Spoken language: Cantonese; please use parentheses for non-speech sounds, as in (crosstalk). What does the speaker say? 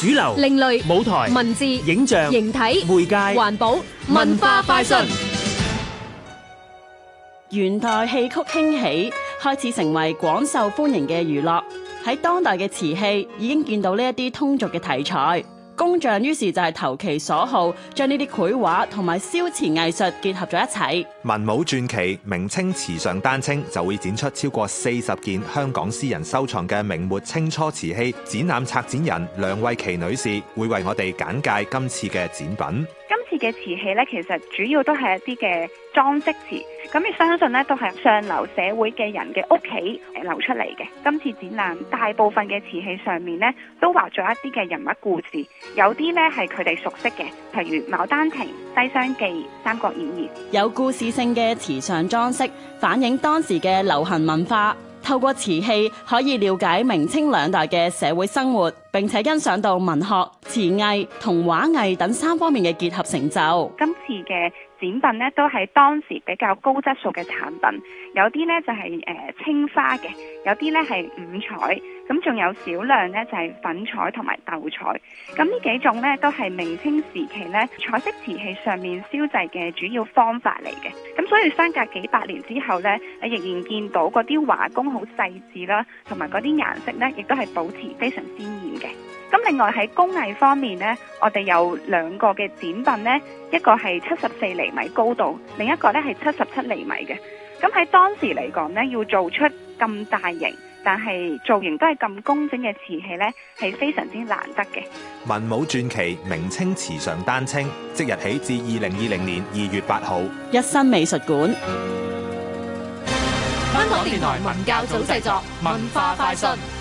主流、另類舞台、文字、影像、形體、媒介、環保、文化快訊。元代戲曲興起，開始成為廣受歡迎嘅娛樂。喺當代嘅瓷器，已經見到呢一啲通俗嘅題材。工匠於是就係投其所好，將呢啲繪畫同埋燒瓷藝術結合咗一齊。文武傳奇明清瓷上丹青就會展出超過四十件香港私人收藏嘅明末清初瓷器。展覽策展人梁慧琪女士會為我哋簡介今次嘅展品。今次嘅瓷器咧，其實主要都係一啲嘅裝飾瓷，咁亦相信咧都係上流社會嘅人嘅屋企流出嚟嘅。今次展覽大部分嘅瓷器上面咧，都畫咗一啲嘅人物故事，有啲咧係佢哋熟悉嘅，譬如《牡丹亭》《西廂記》《三國演義》，有故事性嘅瓷上裝飾，反映當時嘅流行文化。透過瓷器，可以了解明清兩代嘅社會生活，並且欣賞到文學、瓷藝同畫藝等三方面嘅結合成就。今次嘅展品呢，都係當時比較高質素嘅產品，有啲呢就係誒青花嘅，有啲呢係五彩，咁仲有少量呢就係、是、粉彩同埋斗彩。咁呢幾種呢都係明清時期呢彩色瓷器上面燒製嘅主要方法嚟嘅。咁所以相隔幾百年之後咧，仍然見到嗰啲畫工好細緻啦，同埋嗰啲顏色咧，亦都係保持非常鮮豔嘅。咁另外喺工藝方面咧，我哋有兩個嘅展品咧，一個係七十四厘米高度，另一個咧係七十七厘米嘅。咁喺當時嚟講咧，要做出咁大型。但係造型都係咁工整嘅瓷器呢，係非常之難得嘅。文武傳奇明清瓷上丹青」，即日起至二零二零年二月八號，一新美術館。香 (music) 港電台文教組製作， (music) 文化快訊。